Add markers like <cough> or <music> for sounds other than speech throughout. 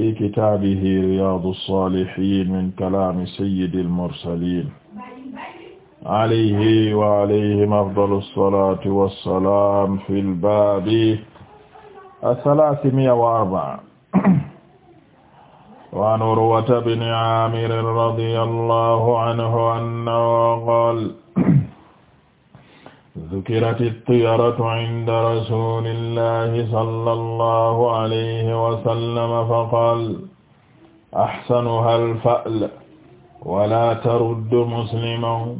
fi kitaabihi riyaadu saalihiin min kalaami sayyidil mursaliin alayhi wa alayhim afdalu salaati wa salaam fil baabi ath-thalaathimi'a wa arba'a wa 'an Urwata bni Aamir radiyallaahu anhu annahu qaala ذكرت الطيرة عند رسول الله صلى الله عليه وسلم فقال أحسنها الفأل ولا ترد مسلما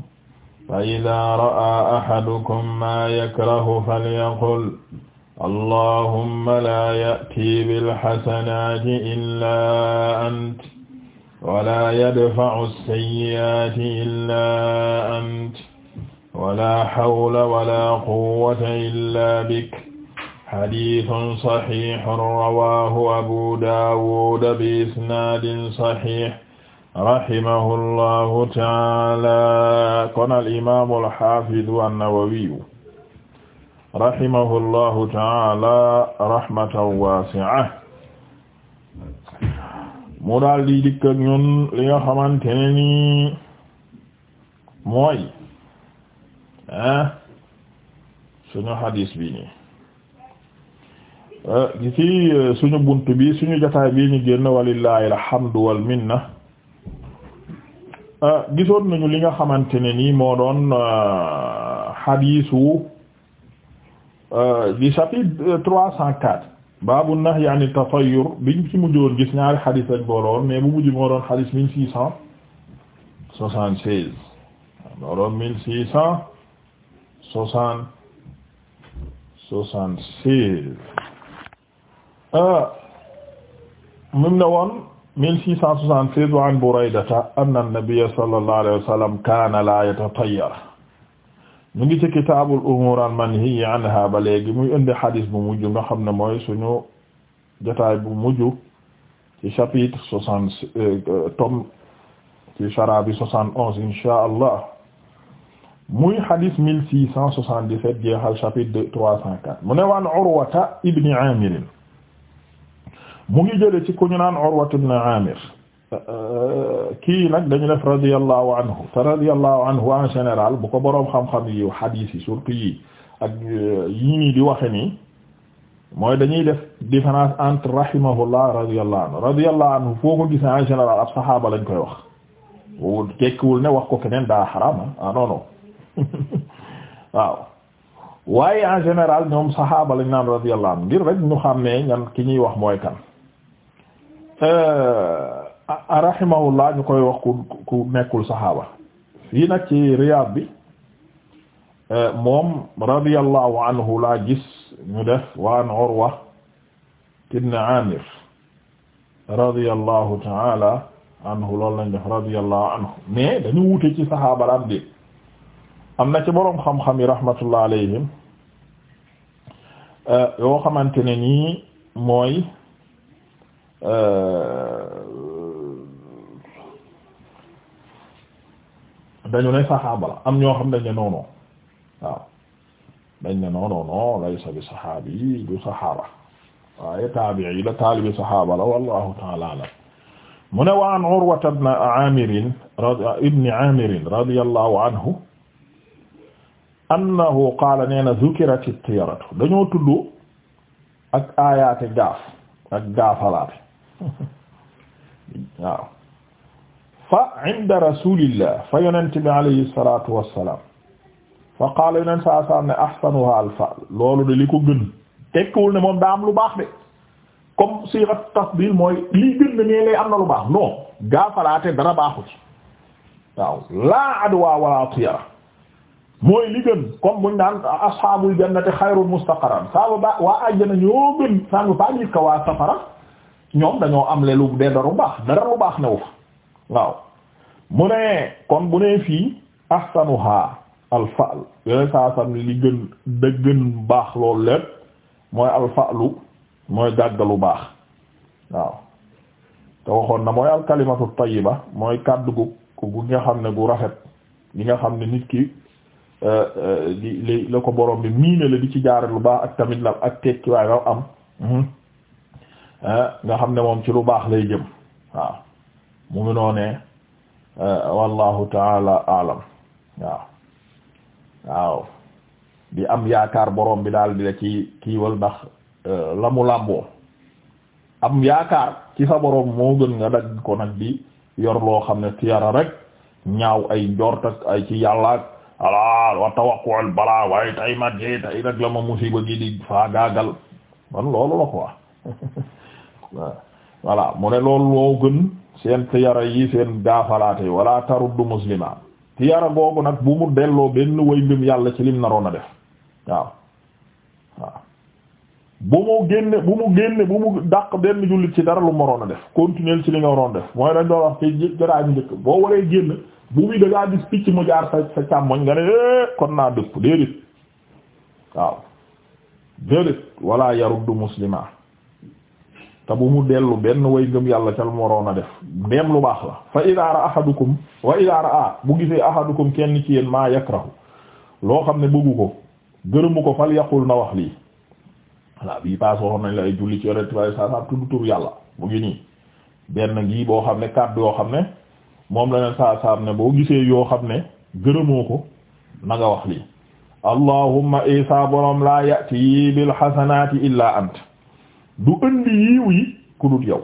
فإذا رأى أحدكم ما يكره فليقل اللهم لا يأتي بالحسنات إلا أنت ولا يدفع السيئات إلا أنت wala hawla wala quwwata illa bik xadiisun saxiixun rawaahu abu daawuda bi isnaadin saxiix rahimahullahu taala kon al imaamu alxaafidu annawawiyu rahimahullahu taala rahmatan waasi'a mu daal di dikk ak ñun li nga xamante ne ni mooy ah suñu hadis bi nii gi ah, ci eh, suñu bunt bi suñu jotaay bi ñu génn walillahi alhamdu wal minna ah, gisoon nañu li nga xamante ne nii moo doon hadisu ah, di chapitre euh, trois cent quatre baabu nahyi an tatayyur biñ ci mujjoon gis ñaari hadis lañ booloon mais bu mujj moo doon hadis mille six cent soixante seize moo doon mille six cent soixante soixante seize ah. mum ne woon mille six cent soixante seize wa an Buraydata anna an-nabiyya sallallahu alayhi wa sallam kaana laa yatatayyar ñu ngi ci kitaabul umuur al-manhiyyi anhaa ba léegi muy indi xadis bu mujj nga xam ne mooy suñu jotaay bu mujj ci chapitre soixante euh, tome ci chara bi soixante onze inshaa Allah muy hadith 1677 jeexal chapitre 304 mu ne waan Urwata ibni Amir mu ngi jële ci ku ñu naan Urwata ibni Amir euh, euh, kii nag dañu def radiyallahu anhu te radiyallahu anhu en général bu ko boroom xam-xam yi hadith yi surtout yi ak euh, yi nii di waxe ni mooy dañuy def différence entre rahimahullah radiyallahu anhu radiyallahu anhu foo ko gis en général ab saxaaba lañ koy wax tekkiwul ne wax ko keneen daa xaraama ah <laughs> waaw waaye en général ñoom saxaaba lañ naan radiyallahu anhu ngir rek ñu xam ne ñan ki ñuy wax mooy kan euh, rahimahullah ñu koy wax ku nekkul saxaaba fii nag ci Riyad bi euh, moom radiyallahu anhu laa gis ñu def wa an Urwa ibn Amir radiyallahu ta'ala anhu loolu lañ def radiyallahu anhu mais dañu wute ci saxaaba la am am na ci boroom xam-xam yi rahmatullah alayhim euh, yoo xamante ne nii mooy euh, dañu ne saxaaba la am ñoo xam dañ ne noonoo waaw dañ ne noonoo non laysa bi saxaabi yi du saxaaba waaye taabi'i yi la taalibi saxaaba la wallahu ta'ala alam mu ne wa an Urwata ibn Aamir ibn Aamir radiyallahu anhu annahu qaala nee na zukirati tiyaratu dañoo tudd ak aayaate gaaf ak gaafalaate <laughs> waaw fa inda rasulillah fa yonent bi alayhi salatu fa qaala yonent saa salam ne ahsanuha al faal loolu de li ko gën ne moom daa am lu baax de comme sirat tasdil mooy lii gën na nee am na lu baax non gaafalaate dara baaxu ci laa adwa wala tiyara mooy li gën comme buñ naan ashaabul jannati xayrun mustaqaran ça veut ba waa àjjana ñoo gën ça veut pas dire waa safara ñoom dañoo am le lu dee dara baax dara lu baax newu fa waaw mu ne kon bu nee fii ahsanuha alfa'l yooyu saa sam li gën da gën baax loolu lépp mooy alfa'lu mooy gàggalu baax waaw te waxoon na mooy alkalimatu tayyiba mooy kàddu gu gu nga xam ne gu rafet gi nga xam ne nit ki di li la ko borom bi miine la di ci jaare lu baax ak tamit la ak tekki waay waw am hmm. eh, nga xam ne moom ci lu baax lay jëm waaw mu ngi noo ne eh, wallahu taala alam waaw di am yaakaar boroom bi daal di la ci kiiwal ndax eh, la làmboo am yaakaar ci sa borom moo gën nga dagg ko nag di yor loo xam ne tiyara rek ñaaw ay njort ak ay ci yàlla alaal wa tawaqul balaa waaye tay ma dee tay nag la ma musiba gi di faa gaagal man loolu la quoi <laughs> voilà mu ne loolu loo gën seen tiyara yi seen gaafalaate wala taruddu muslima tiyara googu nag bu mu delloo benn way ngëm yàlla ci lim naroon a def waaw waaw bu mu génne bu mu génne bu mu dàq benn jullit ci dara lu mu a def continuer ci li waroon def mooy dañ doon wax ci jaraay bi njëkk boo waree génn bu bi da gis picc mu jaar sa sa càmmoñ nga ne eh, kon naa dëpp déedéet waaw déedéet wala yaruddu muslima te bu mu dellu benn way ngëm yàlla ca lu mu waroon a def dem lu baax la fa idaara ahadukum wa idaara a bu gisee ahadukum kenn ci yéen maa yakrahu loo xam ne bëggu ko gërëmu ko fal yaqul na wax lii voilà bii paas waxoon nañ la ay julli ci yore saa saa tudd tur yàlla mu ngi nii benn gi boo xam ne kàddu yoo xam ne. moom la leen saa saam ne boo gisee yoo xam ne gërëmoo ko na wax lii allahumma isa e borom laa yati yi bil xasanaati illaa ant du indi yiiw yi ku dut yiiw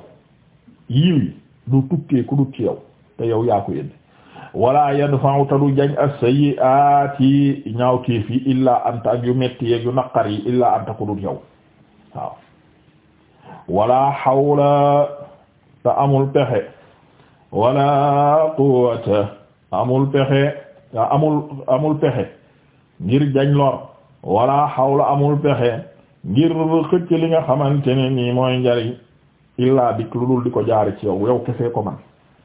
yi du tukkee ku ci yow te yow yaa ko yënd wala yadfa'u ta du jañ as-sayyi'aati ñaaw kéef yi illaa ant ak yu metti yeeg yu naqar yi illaa ant ku dut yow waaw wala te amul pexe wala quwwata amul pexe amul amul pexe ngir jañ lor wala xawla amul pexe ngir xëcc li nga xamante ne nii mooy njariñ illaa bik lu dul di ko jaari ci yow yow kefee ko man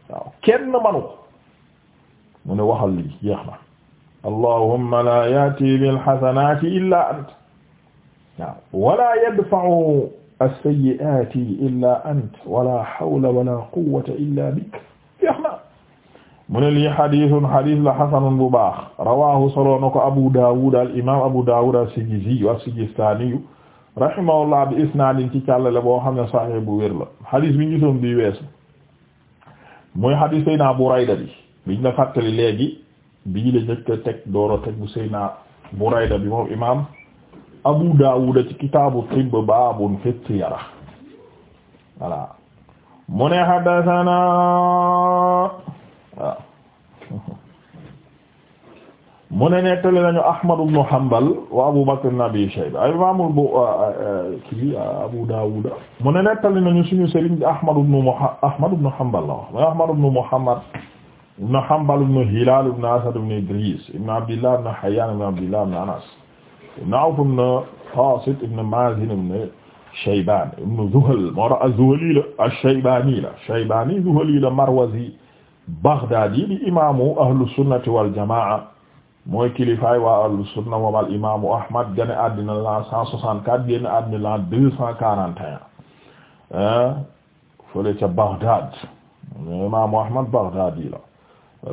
waaw kenn manu mu ne waxal li jeex na allahumma la yati bil hasanati illa ant waaw wala yadfa'u as-sayyi'ati illa ant wala hawla wala quwwata illa bik jeex na mu ne lii xadiisun xadiis la xasanun bu baax rawaahu soloo na ko Abu Daawud al imaam Abu Daawud as-Sijizi as-Sijistaani rahimahullah bi isnaadin ci càllale boo xam ne saxiix bu la xadiis bi ñu gisoon bii weesu muy xadiis Seydina Burayda bi biñ la fàttali léegi bii la njëkk a teg dooro teg bu Seydina Burayda bi moom imaam Abu Daawud ci kitaabu tibb baabun fi tiyara voilà mu ne haddathana waaw ne nettali nañu Ahmad ibn Hanbal wa Abu Bakr ibn Abi Shayba imaamul bu kii Abu Dawud mu ne nettali nañu suñu sëriñ bi Ahmad ibn Ahmad ibn Hanbal la wax Ahmad ibn Muhammad ibn Hanbal ibn Hilal ibn Asad ibn Idris ibn Abdillah ibn Hayyan ibn Anas ibn Awf ibn Tasit ibn Mazin Shaybaan ibnu Zuhal moo tax az-Zuhali la ash-Shaybaani la Shaybaani Zuhali la Marwazi Baghdaadi di imaamu ahlu sunnati wal jamaa mooy kilifaay waa ahlu sunna moom al imaamu Ahmad gane àddina la 164 génn àddina la 241 ah, fële ca Baghdaad imaamu Ahmad Baghdaadi la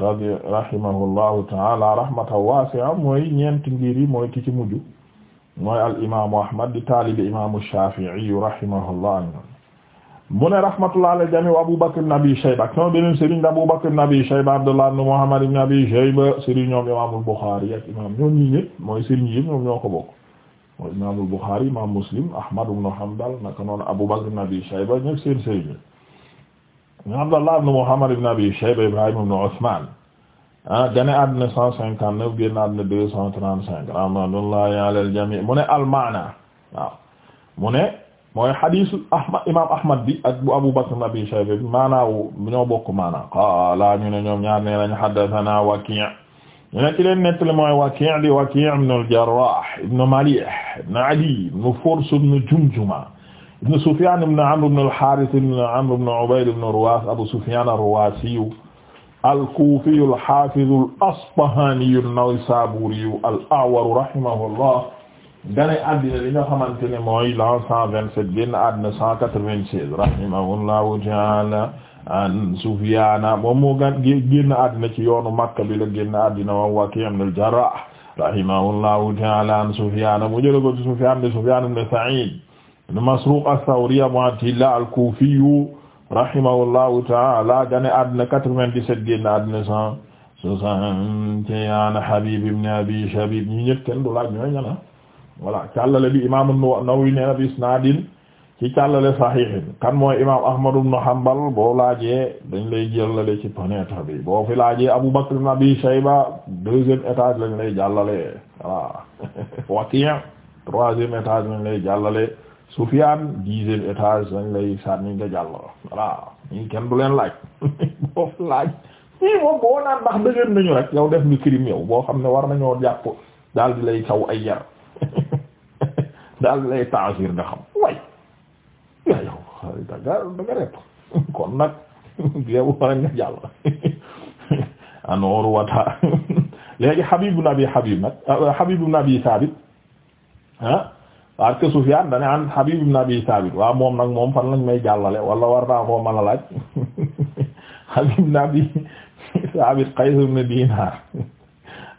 radi rahimahullahu ta'ala rahmatan waasi'a mooy ñeent ngiri mooy ki ci mujj mooy al imaamu Ahmad di taalibi imaamu Shaafi'i rahimahullah mu ne rahmatullah ala jami wa Abu Bakr ibn Abi Shayba ñoom beneen sëriñ Abu Bakr ibn Abi Shayba Abdullah ibn Muhammad ibn Abi Shayba sëriñ ñoom imaamul Bukhari ak imaam ñoom ñii ñëpp mooy sëriñ yi ñoom ñoo ko bokk mooy imaamul Bukhari imaam Muslim Ahmad ibn Hanbal naka noonu Abu Bakr ibn Abi Shayba ñëpp seen sëriñ ñoom Abdullah ibn Muhammad ibn Abi Shayba Ibrahim ibn Usman ah gane àdduna cent cinquante neuf génn àdduna deux cent trente cinq rahmatullahi ala al jami mu ne almaana waaw mu ne mooy hadisu ahmad imam ahmad bi ak bu abu bakr abi shayba bi maanaawu ñoo bokk maana qaala ñu ne ñoom ñaar ne lañ haddathana waki' ñu ne ci leen nettali mooy waki' di waki' ibn al jarrah ibn malih ibn ali ibn furs ibn jumjuma ibn sufyan ibn amr ibn al harith ibn amr ibn ubayd ibn ruwas abu sufyan ar-ruwasi al-Kuufi al-Haafiz al-Asbahaani an-Naysaabuuri al-A'war rahimahullah gane addina li nga xamante ne mooy l'an cent vingt-sept génn addina cent quatre-vingt-seize rahimahullahu ta'aala an Sufyaana moom moo gan génn addina ci yoonu Makka bi la génn addina wa Wakii' ibn al-Jarraah rahimahullahu ta'aala an Sufyaana mu jël ko ci Sufyaan ibn Sa'id ibn Masruuq ath-Thawri Abu Abdillah al-Kuufi rahimahullahu ta'ala gane àddina 97 génn àddina 161 Habib ibn Abi Shabib ñi ñëpp kenn du ñooy ñana ah. voilà càllale bi imam an-Nawawi nee na bi isnaadin ci sahihin kan mooy imam Ahmad ibn Hanbal boo laajee dañ lay jëllale ci fenêtre bi boo fi laajee Abu Bakr ibn Abi Shayba deuxième étage lañ lay jàllale voilà <laughs> Waki' troisième étage lañ lay jàllale Soufiane dixième étage dañ lay sànni nga jàll kenn du leen laaj <laughs> boofu laaj ñii boo rek yow def ni crime yow boo xam ne war nañoo jàpp daal di lay taw ay yar <laughs> daal di lay taasir nga xam way yaa yow danga danga <laughs> kon nag yow war nga jàll anoor wata léegi Habib Abi Habib nag Habib Abi Sabit ah parce que dane an Habib ibn Abi Sabit moom nag moom fan lañ may jàllale wala war naa koo mën laaj <laughs> Habib ibn Abi Sabit Qays ibn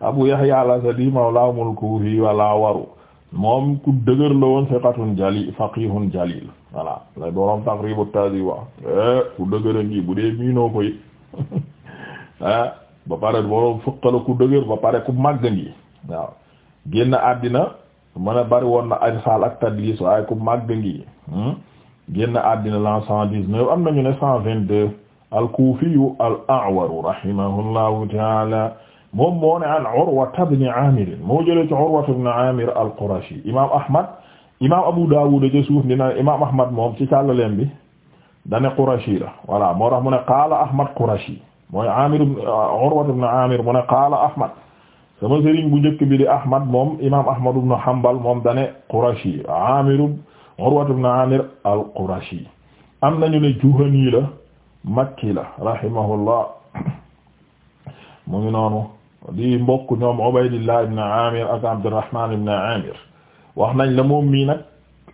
Abu Yahya al-Asadi mawlaahum al-Kufi waru moom ku dëgër la woon fiqatun jali faqihun jalil voilà la Taqrib at-Tahdhib wax eh, ku dëgër a bu dee miinoo koy ah <laughs> ba pare borom fiqala ku dëgër ba pare ku màgg ngi waaw génn mu ne bari woon na arsaal ak tadlis waaye ku màgg ngi hmm? génn àddina la cent dix-neuf am nañu ne cent vingt-deux al-Kufiyu al-A'waru rahimahullahu taala moom moo ne an Urwata ibn Amir moo jëlee ci Urwata ibn Amir al-Qurashi imaam Ahmad imaam Abu Dawud a suuf ni na imaam Ahmad moom ci càllaleen bi dane Qurashi la voilà moo tax mu ne qaala Ahmad Qurashi mooy Amir Urwata ibn Amir mu ne qaala Ahmad sama sëriñ bu njëkk bi di Ahmad moom imaam Ahmad ibn Hanbal moom dane Qurashi Aamir Urwa ibn Aamir al-Qurashi am nañu ne Juhani la Makki la rahimahullah mu ngi noonu di mbokk ñoom Ubaydillah ibn Aamir ak Abdurrahman ibn Aamir wax nañ la moom mii nag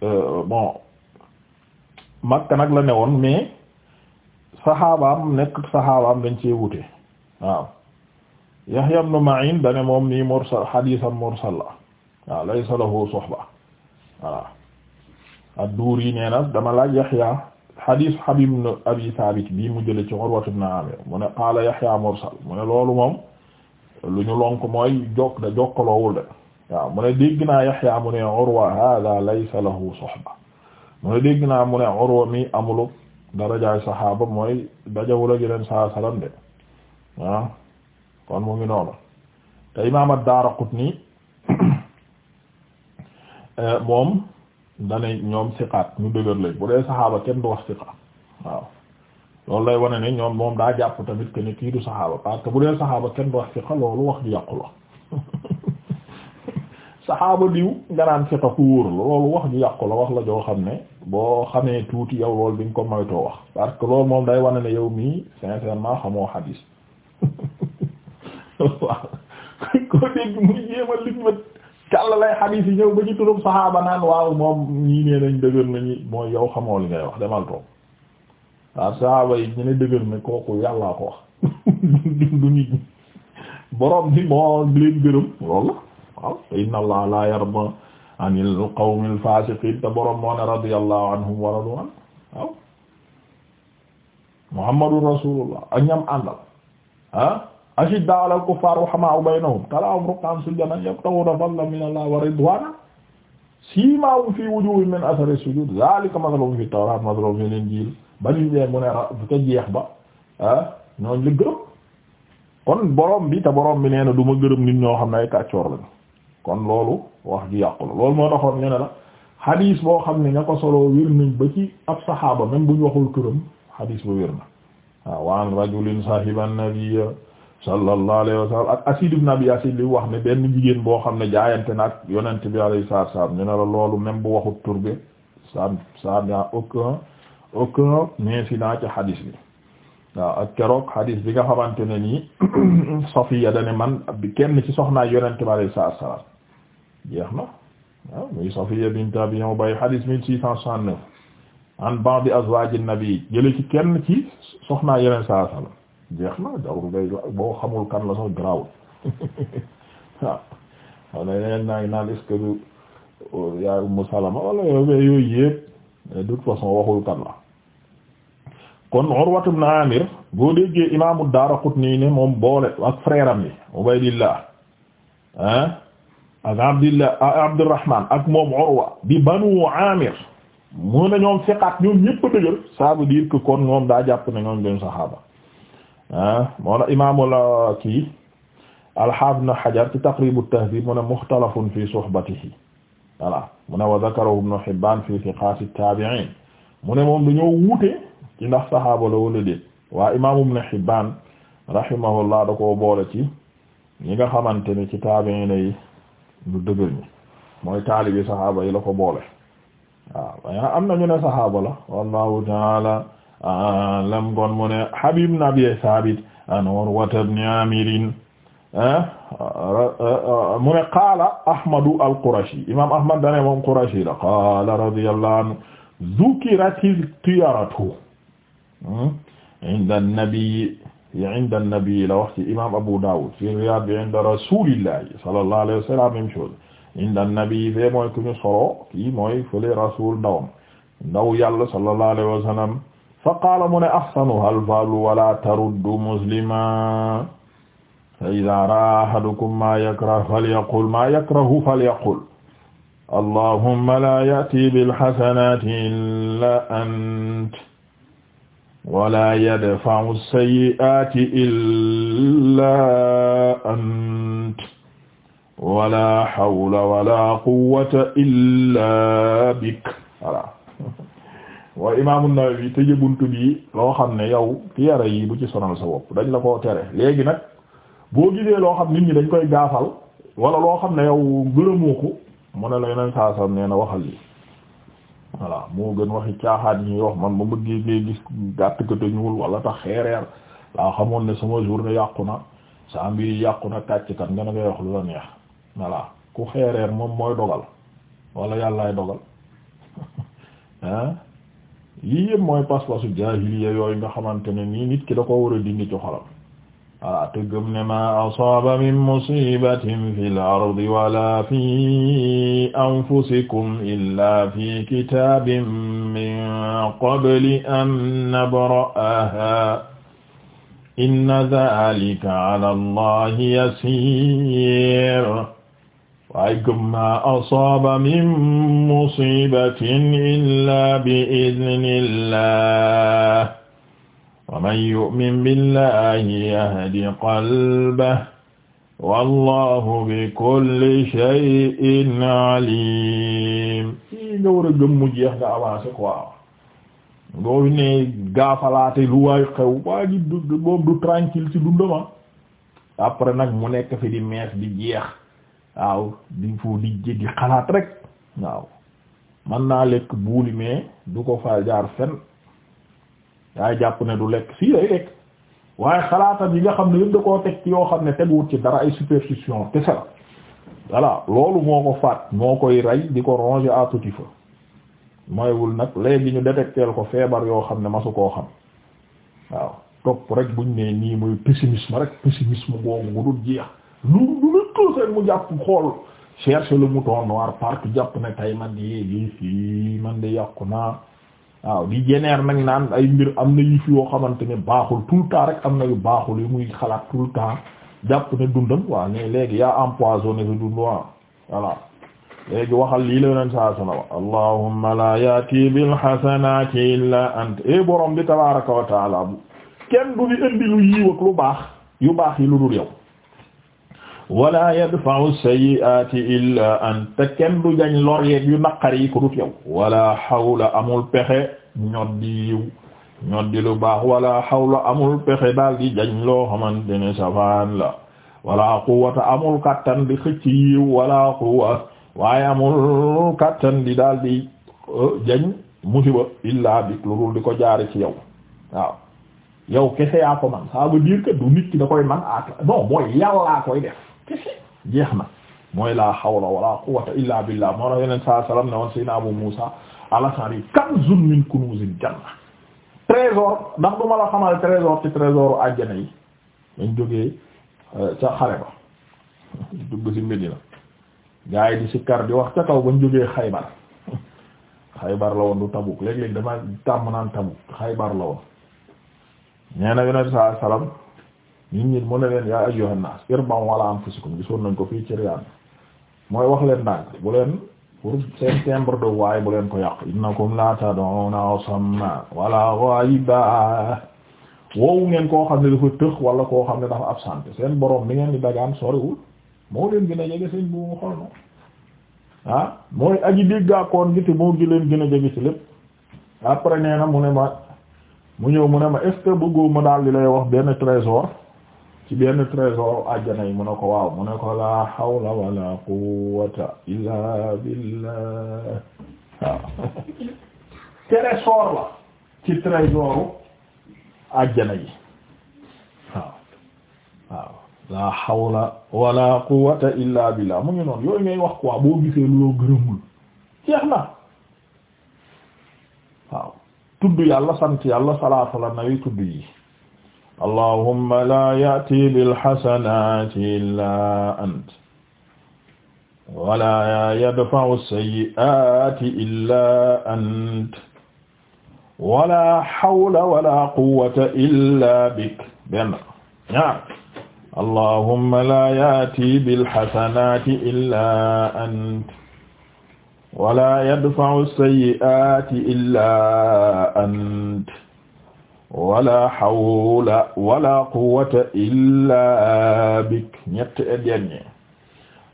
euh, bon Makka nag la newoon mais saxaabaam nekk saxaabaam dañ cee wute waaw Yahya ibn Ma'in dane moom nii mursal hadisan mursal la waaw laysa lahu suhba voilà dama laaj Yahya hadis Habib ibn Abi Thabit bii mu jële ci Urwa ibn Amir mu ne Yahya mursal mu loolu moom lu ñu lonk mooy jokk da jokkaloowul de waaw mu ne dégg naa Yahya mu ne Urwa hada laysa lahu suhba mu ne dégg naa mu ne Urwa mi amulu darajaay saxaaba mooy dajawul ak yeneen saa salaam de waaw kon mu ngi noonu te imaam ad nii euh, moom dane ñoom siqaat ñu dëgër lañ bu dee saxaaba kenn du wax siqa waaw loolu lay wane ne ñoom moom daa jàpp tamit que ni kii du saxaaba parce que bu dee saxaaba kenn du wax siqa loolu wax ju yàqu la <laughs> saxaaba diw nga naan siqa ku loolu wax ju yàqu la wax la joo xam ne boo xamee tuuti yow loolu bi nga ko moytoo wax parce que loolu moom day wane ne yow mii sincèrement xamoo xadiis <laughs> waaw koo dégg muy jéemal liñ ma càll lay xadiis yi ñëw ba ci turum saxaaba naan waaw moom ñii nee nañ dëgër nañu mooy yow xamoo li ngay wax demal toog waaw saxaaba yi ñu ne dëgër na kooku yàllaa ko wax <laughs> du nit ñi boroom bi moo leen gërëm loolu waaw te inna allah la yarda anil qawmil fasiqin te boroom moo ne radiyallahu anhum wa radu an waaw muhammadu rasulullah ak ñam àndal ah? ashiddaa alal kuffaar ruhamaa'u baynahum talaahum ruk'an sujjadan yabtaghuna fadlan min Allah wa ridwaana siimaahum fii wujuuhihim min asari sujuud zaalika mathaluhum fit tawraat mathaluhum fil injiil ba ñu ñëwee mu ne ra te jeex ba ah ñooñu la gërëm kon borom bi te borom bi nee na du ma gërëm nit ñoo xam ne ay kàccoor lañu kon loolu wax ju yàqu la loolu moo taxoon ñu ne la hadis boo xam ne ña ko solo wér nañ ba ci ab saxaaba même bu ñu waxul këram hadis ba wér na waaw waan rajulin sahiban nabiyya sallallahu alayhi wa sallam ak Asid ibn Abi li wax ne benn jigéen boo xam ne jaayante na ak yonent bi alayhi salaatu salaam ñu na la loolu même bu waxut tur bi ça ça n'a aucun aucun incident ci xadis bi waaw ak keroog hadis bi nga xamante ne nii <clears throat> Safiya da man bi kenn ci soxnaa yonent bi alayhi wa salaam jeex na waaw muy Safiya bint Abi Ubayy hadis mille six cent soixante-neuf an ba'di azwaajin nabi jële ci kenn ci soxnaay yonent salaatu salaam jeex na jarul ngay boo xamul kan la sax garaawul <laughs> waaw euh, yooyu yëpp de toute façon waxul kan la kon Urwa na Amir boo déggee imaamu Daaraqutni ne moom boole ak frère am bi Ubaydillah ah ak Abdillah Abdurrahman ak moom Urwa bi Banu Amir mu ne ñoom fiqaat ñoom ñëpp a dëgër ça veut dire kon ñoom daa jàpp ne ñoom doon saxaaba ah moo na imaamul kii al-Haafiz Ibn Hajar ci Taqrib at-Tahdhib mu ne mukhtalafun fi suhbatihi voilà mu ne wa dhakarahu Ibn Hibbaan fi thiqaat at-taabi'iin mu ne moom dañoo wuute ci ndax saxaaba la wala déet waa imaam Ibn Hibbaan rahimahullah da ko boole ci ñi nga xamante ni ci taabi'iin yi lu mooy taalibi saxaaba yi la ko boole am na ñu ne la wallahu ta'ala Ah, lam kon mu ne Habib ibn Abi Sabit an Urwata ibn Amir ah, ah, mu ne qaala Ahmadu al-Qurashi imam Ahmad dane moom Qurashi la qaala radiyallahu anhu zukirati tiyaratu hmm, inda an-nabi inda an-nabi la wax ci imam Abu Dawud fi Riyad bi inda rasulillahi sallallahu alayhi wa sallam même chose inda an-nabi fe mooy ku ñu solo kii mooy fële rasul ndawam ndaw yàlla sallallahu alayhi wa sallam fa qaala mu ne ahsanuha alfaalu wala taruddu muslima fa ida raa ahadukum maa yakrah falyaqul maa yakrahu falyaqul allahumma laa ya'ti bilhasanati illaa ant wala yadfa'u as-sayyi'ati illaa ant wala hawla wala quwwata illaa bik voilà mooy imaamu Nawawi tëje buntu bii loo xam ne yow ki yara yi bu ci sonal sa bopp dañ la koo tere léegi nag boo gisee loo xam nit ñi dañ koy gaafal wala loo xam ne yow gërëmoo ko mu ne la yeneen saa sam na waxal li voilà moo gën waxi caaxaan ñuy wax man ma bëggee ngay gis gàtt kata ñuul walla tax xeereer laa xamoon ne suma sama journée yàqu na sa mbiri yàqu na kàcc kat nga na ngay wax lu la neex voilà ku xeereer moom mooy dogal wala yàllaay dogal <laughs> lii yëpp mooy pas-pasu jaahiliya yooyu nga xamante ne nii nit ki da ko war a dindi ci xolam voilà te gëm ne ma asaaba min musibatin fi l ardi wala fi anfusikum illa fi kitabin min qabli an nabra'aha inna dhalika ala allahi yasir waaye ma asaaba min musibatin illa bi idnillah wa man yu'min billahi yahdi alim fii nga war a gëm mu jeex nga avancé quoi boo ne lu waay xew waa du boobu du tranquille ci dundama ah. nag mu nekk fi di mees di jeex waaw di foo dijje di xalaat rek waaw man naa lekk buuli mais du ko faa jaar fen yaay jàpp ne du lekk si day lekk waaye xalaatam yi nga xam ne yëpp da koo teg yoo xam ne teguwut ci dara ay superstition te sera voilà loolu moo ko faat moo koy rey di ko ronger à tutti feu mooywul nag léegi ñu détecteel ko feebar yoo xam ne masu koo xam waaw topp rek buñ ne nii muy pessimisme rek pessimisme boobu gudul jeex lu lu la tuuseen mu jàpp xool cherche le mouton noir partout jàpp ne tay man di lii fii man de yàqu naa waaw di jeneer nag naan ay mbir am na yu fi yoo xamante ne baaxul tout le temps rek am na yu baaxul yu muy xalaat tout le temps jàpp ne dundam waaw mais léegi yaa empoisonné sa dund waaw voilà léegi waxal lii la yoneen saa sala wa allahumma la yaati bil hasanati illa ant e borom bi tabaraka wa taala bu kenn du di indi lu yiw ak lu baax yu baax yi lu dul yow wala yadfa'u sayyi'ati illa anta kenn du jañ lor yeeg yu naqari yi ko dut wala hawla amul pexe ñoddi yiw ñoddi lu baax wala hawla amul pexe daal di jañ loo xamante ne safaan la wala quwwata amul kattan di xëcc yiw wala quwwa waaye amul kattan di daal di uh, jañ musiba illa bi lu di ko jaare ci yow waaw yow man ça veut dire du nit ki koy man ak ah, non mooy yàllaa koy def jeex na mooy la hawla wala quwwata illa billah moo tax yeneen sa salaam ne woon Seydina Abu Musa al-Ash'ari kanzun min kunuzil janna trésor ndax du ma la xamal trésor ci trésoru àjjana yi dañ jógee euh, ca xare ba <laughs> dugg ci Medina gaa yi di sikkar di wax ca kaw bañ jógee Xaybar <laughs> Xaybar la woon du Tabuk léeg-léeg dama tàmm naan Tabuk Xaybar la woon nee na yeneen saa nit ñi mu ne leen yaa ayyuhan nas irbaw wala anfusikum gisoon nañ ko fii ci mooy wax leen daal bu leen pour seen timbre de voix bu leen ko yàq innakum la tad'una asamma wala ghaiba woowu ngeen koo xam ne dafa tëx wala koo xam ne dafa absent seen borom bi ngeen di dagaan soriwul moo leen gën a jege seen buumu xol no ah mooy aji déggaakoon gi te moo gi leen gën a jege ci lépp après nee na mu ne ma mu ñëw mu ne ma est-ce que bëggoo wax benn trésor ci benn trésor àjjana yi mu ne ko waaw mu ne ko la hawla wala quwwata illa billah waaw <laughs> trésor la ci trésoru àjjana yi waaw waaw la hawla wala quwwata illa billah mu ngi noonu yooyu ngay wax quoi boo gisee lu loo gërëmul jeex na waaw tudd yàlla sant yàlla salaatu la nawi tudd yi allahumma la ya'ti bil hasanati illa ant wala yadfa'u sayyi'ati illa ant wala hawla wala quwwata illa bik benn ñaar allahumma la ya'ti bil hasanati illa ant wala yadfa'u sayyi'ati illa ant wala hawla wala quwwata illa bik ñett et dernier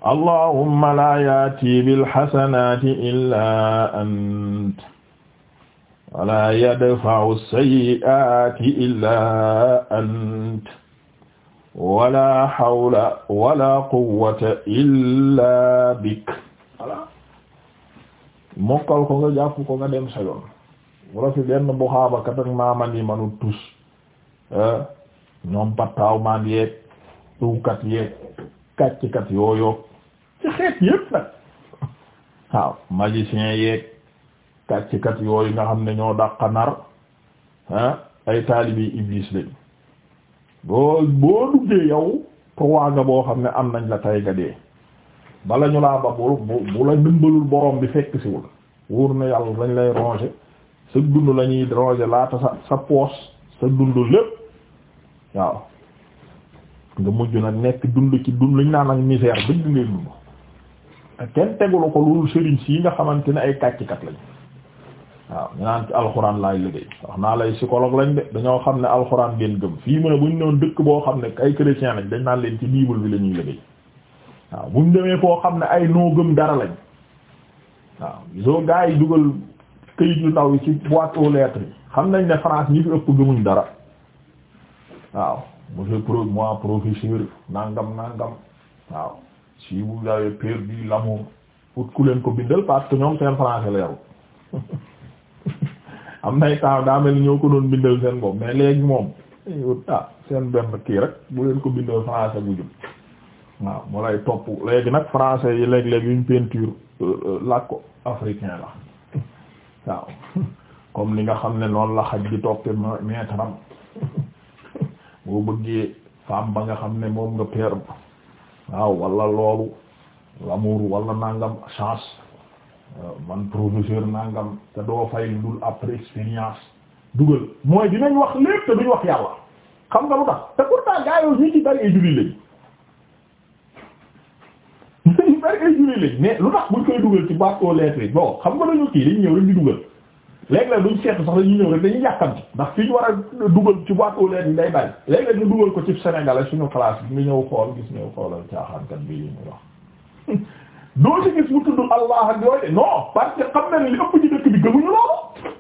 allahumma la yati bil hasanati illa ant wala yadfa'u sayyi'ati illa ant wala hawla wala quwwata illa bik voilà mokkal ko nga jàpp ko nga dem sa yoon bu la fi benn buxaabakat ak maaman yi manut tus eh, ñoom pattaaw maan yeeg tuukat yeeg kàcckat yooyu ci xeet yépp nag <laughs> waaw magicien yeeg kàcckat yooyu nga xam ne ñoo dàqa nar eh, ay taalibi iblis lañ boo boo duggee yow tuwaa nga boo xam ne am nañ la tay nga dee bala ñu laa ba bu bu la dimbalul borom bi fekk siwul wóor na yàlla dañ lay ronger sa dund la ñuy roose laata sa sa poos sa dund lépp waaw nga mujj nag nekk dund ci dund lañ naan ak misère dëgg ngay dund te kenn tegulu ko loolu sëriñ si nga xamante ne ay kàccikat lañ waaw ñu naan ci alxuraan laay liggéey wax naa lay psychologue lañ de dañoo xam ne alxuraan ngeen gëm fii mu ne bu ñu noon dëkk boo xam ne ay chrétien lañ dañ naan leen ci bible bi la ñuy liggéey waaw bu ñu demee foo xam ne ay noo gëm dara lañ waaw gisoo gaa yi këyit yu ndaw yi ci boîte aux lettres yi xam nañ ne France ñi fi ëpp gëmuñ dara waaw monsieur pro moi professeur nangam nangam waaw si vous avez perdu l'amour ut ku leen ko bindal parce que ñoom seen français leeru <laughs> am nay temps daa mel ni ñoo ko doon bindal seen bopp mais léegi moom ah, seen benn kii rek bu leen ko bindal français bu jub waaw mu lay topp léegi nag français yi léeg-léeg yuñ peinture euh, euh, làkk ko africain la waaw <laughs> comme li nga xam ne noonu la xaj bi toppe maître-am <laughs> boo bëggee femme ba nga xam ne moom nga perdre waaw walla loolu lamur walla nangam chance euh, man professeur nangam te doo fay dul après expérience dugal mooy dinañ wax lépp te duñ wax yàlla xam nga lu tax te pourtant gaa yooyu ñu ci bari ay julli lañ bari ay jullit lañ lu tax buñ koy dugal ci boîte aux lettres bon xam nga ñu kii dañu ñëw rek di dugal léeg-léeg duñ seetu sax dañuy ñëw rek dañuy yàkkamti ndax fi ñu war a dugal ci boîte aux lettres day bari léeg-léeg ñu dugal ko ci Sénégal suñu classe bi ñu ñëw xool gis ñëw xoolal caaxaankat bi yi ñu wax <laughs> doo ci gis mu tudd allah ak yooyu non parce que xam na ne li ëpp ci dëkk bi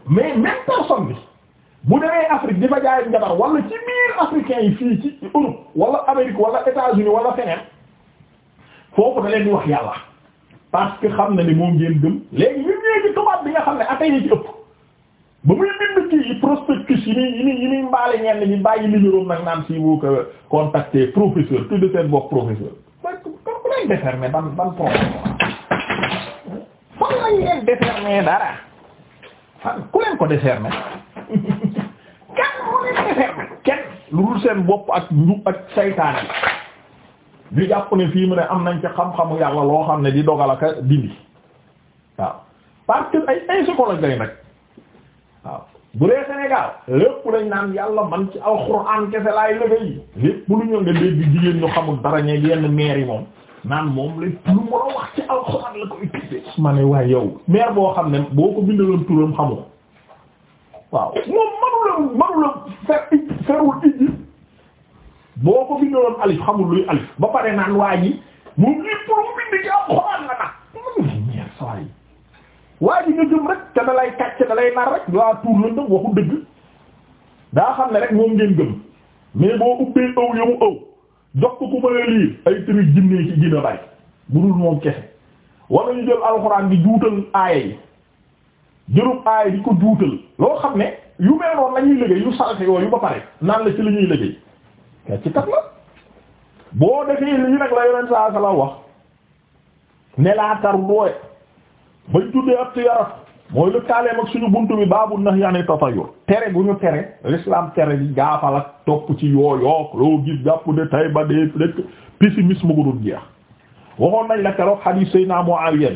mais même personne bu demee Afrique di fa jaay njabar wala ci biir yi fii ci Europe wala Amérique wala États-Unis wala feneen foofu da leen di wax yàlla parce que xam na ne moom ngeen gëm léegi ñun ñëwee bi nga xam ne atay yi ci ëpp ba muy bind kii prospectus yi muy yi muy yi ba mbaale ñenn ñi bàyyi numéro nag naan si vous que contacter tout de fait bokk professeur. parce que kon ku lay défermer ban ban problème fan la ñu leen défermer dara ku leen ko défermer <laughs> kenn ku leen défermer kenn lu dul seen bopp ak njub ak saytaan ñu jàpp ne fii mu ne am nañ ci xam-xamu yàlla loo xam ne di dogal aka dindi waaw parce que ay ay psychologue lañ rek waaw bu dee Sénégal lépp lañ naan yàlla man ci alxuraan kese laay liggéey lépp lu ñu nga dégg jigéen ñu xamul dara ñe yenn maire moom naan moom lu mu la wax ci alxuraan la ko utilisé. ma waaye yow maire boo xam ne boo ko bindaloon turam xamu waaw moom manu la manu la fer ferul ijji boo ko bindoon alif xamul luy alif ba pare naan waa ji moom lépp lu mu bind ci am la nag rek te tuur la waxu dëgg daa xam ne rek moom ngeen gëm mais boo ubbee ëw yamu ëw jox ko ku mën a lire ay tëri jinnee ci gina bay bu dul moom kese wala ñu jël alxuraan bi juutal aaya yi jërub aaya di ko juutal loo xam ne yu mel noonu la yu salte yooyu ba pare naan la ci la ñuy liggéey la ci kat la boo defee lii nag la yonent saa sala wax ne laa tar dooye bañ ak ci yaram mooy lëkkaaleem ak suñu bunt bi baabu nahyi ani tatayur tere bu ñu tere l'islam tere bi gaafal ak topp ci yooyook loo gis jàpp de tay ba de rek pessimisme gu dul jeex waxoon nañ la keroog hadith Seydina Muawiya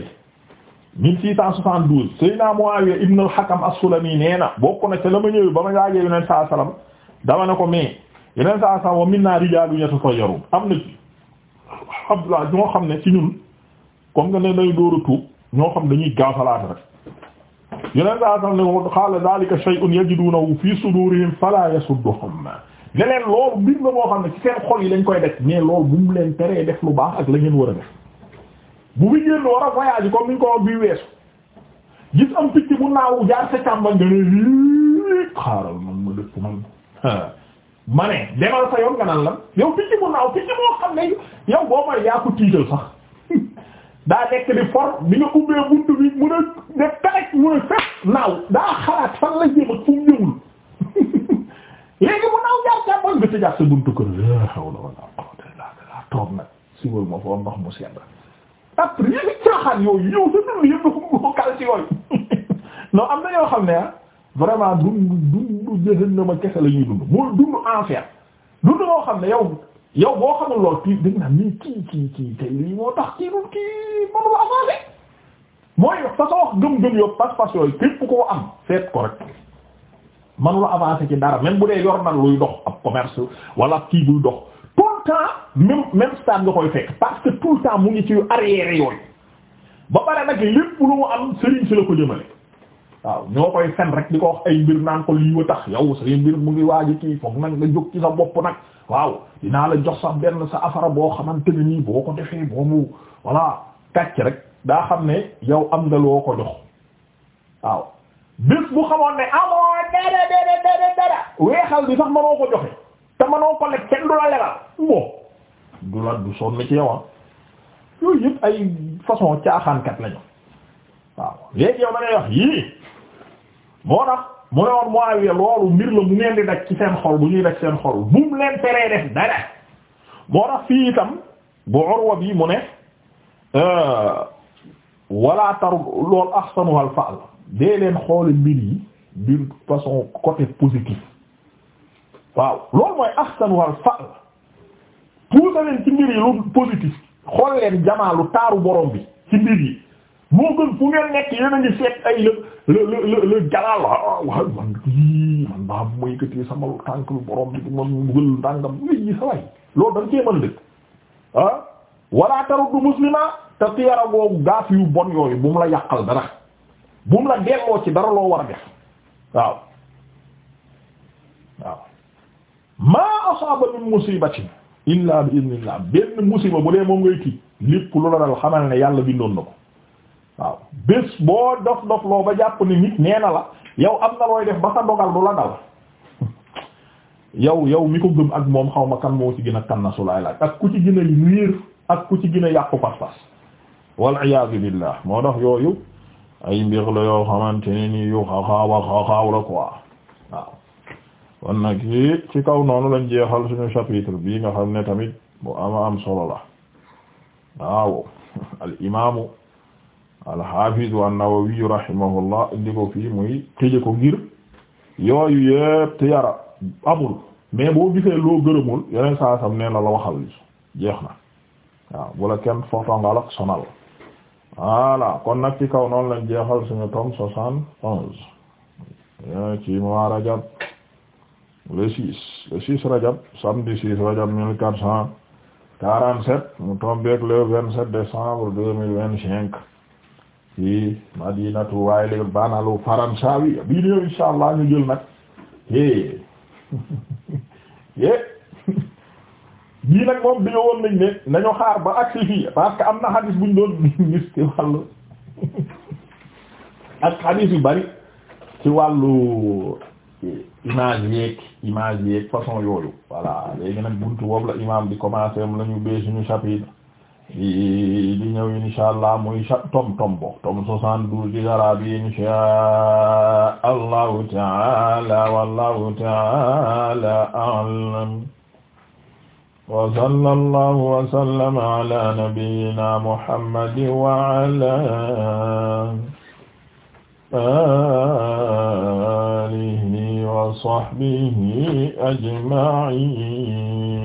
bi 1672 Seydina Muawiya ibn al-Hakam as-Sulami nee na bokk na ca la ma ñëwee ba ma laajee yonent saa salaam dama ko mais yeneen saa saa wa minna rijaalun yatatayyarun am na ci abdoulaye ñoo xam ne ci ñun comme nga ne day dóor a tuub ñoo xam dañuy gaafalaate rek yeneen saa saa ne qaala dhaalika shay'un yajiduunahu fii suduurihim falaa yasudduhum ne leen loolu mbir la moo xam ne ci seen xol yi lañ koy def mais loolu bu mu leen teree def lu baax ak la ngeen war a def bu bi génn war a voyage comme niñ ko wax bii weesu gis am picc bu naaw jaar sa càmba nga ne xaaral man ma ma ne demal sa yoon nga naan lan yow picc mu naaw picc moo xam ne yow boo may yaa ko tiital sax <laughs> daa nekk for bi nga ubbee buntu bi mun ne perek mun a fekk naaw daa xalaat fan la jëm ak fu mu jëmul <laughs> léegi mu naaw jaar jaar boñ bi buntu kër la hawla wala quwwata illa toog nag si wër ma foo ndox mu sedd après yéen caaxaan yooyu yow sa dund yëpp ko <laughs> kal ci yooyu non am na yoo xam ne ah vraiment dund na ma kese la ñuy dund mooy dund enfer dund moo xam ne yow yow boo xamul lool kii dañ naan nii kii kii kii tey lii moo tax kii yo pas-pas koo am seet ko rek mënul ci dara même bu dee yor na luy dox ab commerce wala kii buy dox tout le temps mu ngi ci arrière yooyu ba pare nag lépp lu mu am sëriñ si la ko jëmale waaw ñoo koy fen rek di ko wax ay mbir naan ko lii wa tax yow say mbir mu ngi waaji kii foog nag nga jóg ci sa bopp nag waaw dinaa la jox sax benn sa afara boo xamante ne nii boo ko defee boo mu voilà kàcc rek daa xam ne yow am nga loo ko jox waaw bis bu xamoon ne amoo dara dara dara dara weexal bi sax manoo ko joxe te manoo ko lekk kenn du la lebal bon du la du sonn ci yow ah yooyu yëpp ay façon caaxaankat lañu waaw léegi yow da ngay wax yii moo tax mu ne woon Muawiya loolu mbir la mu ngeen di daj ci seen xol bu ñuy daj seen xol bu mu leen teree def dara moo tax fii itam bu Urwa bi mu ne euh, wala taru loolu ahsanu al dee leen xoole mbir yi d'une façon côté positif waaw loolu mooy ahsanu al fa'l puusa leen ci mbir yi lu positif xool leen jamaalu taaru borom bi ci mbir yi moo gën fu ngeen nekk yéen a ngi seet ay le le le le jalaal ah, ah, waaw man i man maa moykatee sama tànk lu borom bi man mugël ndàngam lég gi saway loolu da nga cee dëkk ah wala muslima te tiyara googu gaaf yu bon yooyu bu mu la yàqal dara bu mu la delloo ci dara loo war a def waaw waaw maa asaaba min musibatin illa bi idnillah benn musiba bu dee moom ngay kii lépp lu la dal xamal ne yàlla bindoon na ko waaw bés boo dof dof loo ba jàpp ni nit nee la yow am na looy def ba sa du la dal yow yow mi ko gëm ak moom xaw ma kam moo ci gën a kan na su ak ku ci gën a yàqu pas-pas wal iyaazu billah moo tax yooyu ay mbir la yoo xamante ni nii yu xaxaaw a xaxaaw la quoi waaw kon nag yi ci kaw noonu lañ jeexal suñu chapitre bii nga xam ne tamit bu ama am solo la waaw al imaamu al-Hafiz an-Nawawi rahimahullah indi ko fii muy tëje ko ngir yooyu yëpp te yara amul mais boo gisee loo gërëmul yeneen saa sam na la waxal li jeex na waaw bu la kenn foofangal ak sonal voilà kon nag ci kaw noonu lañ jeexal suñu tome soixante onze eh, ci mois Rajab le six le six Rajab samedi six Rajab mille quatre cent quarante-sept mu tombe ak le vingt-sept décembre deux mille vingt-cinq fi madinatu wayle banalu faransawi bi ñëw inshallah ñu jël nag é é <laughs> bii nag moom dañoo woon nañ ne nañu xaar ba agsi fii parce que am na xadis buñ doon <laughs> gis ci wàllu <laughs> ak xadis yu bari ci wàllu image yeeg image yeeg façon yooyu voilà léegi nag buntu boobu la imam bi commencé am la ñu bee suñu di ñëw insha allah muy tom tom bo tom soixante-douze di garab yi insha allahu taala wallahu taala a'lam wa sallallahu wa sallama ala nabiyyina muhammad wa ala alihi wa sahbihi ajma'in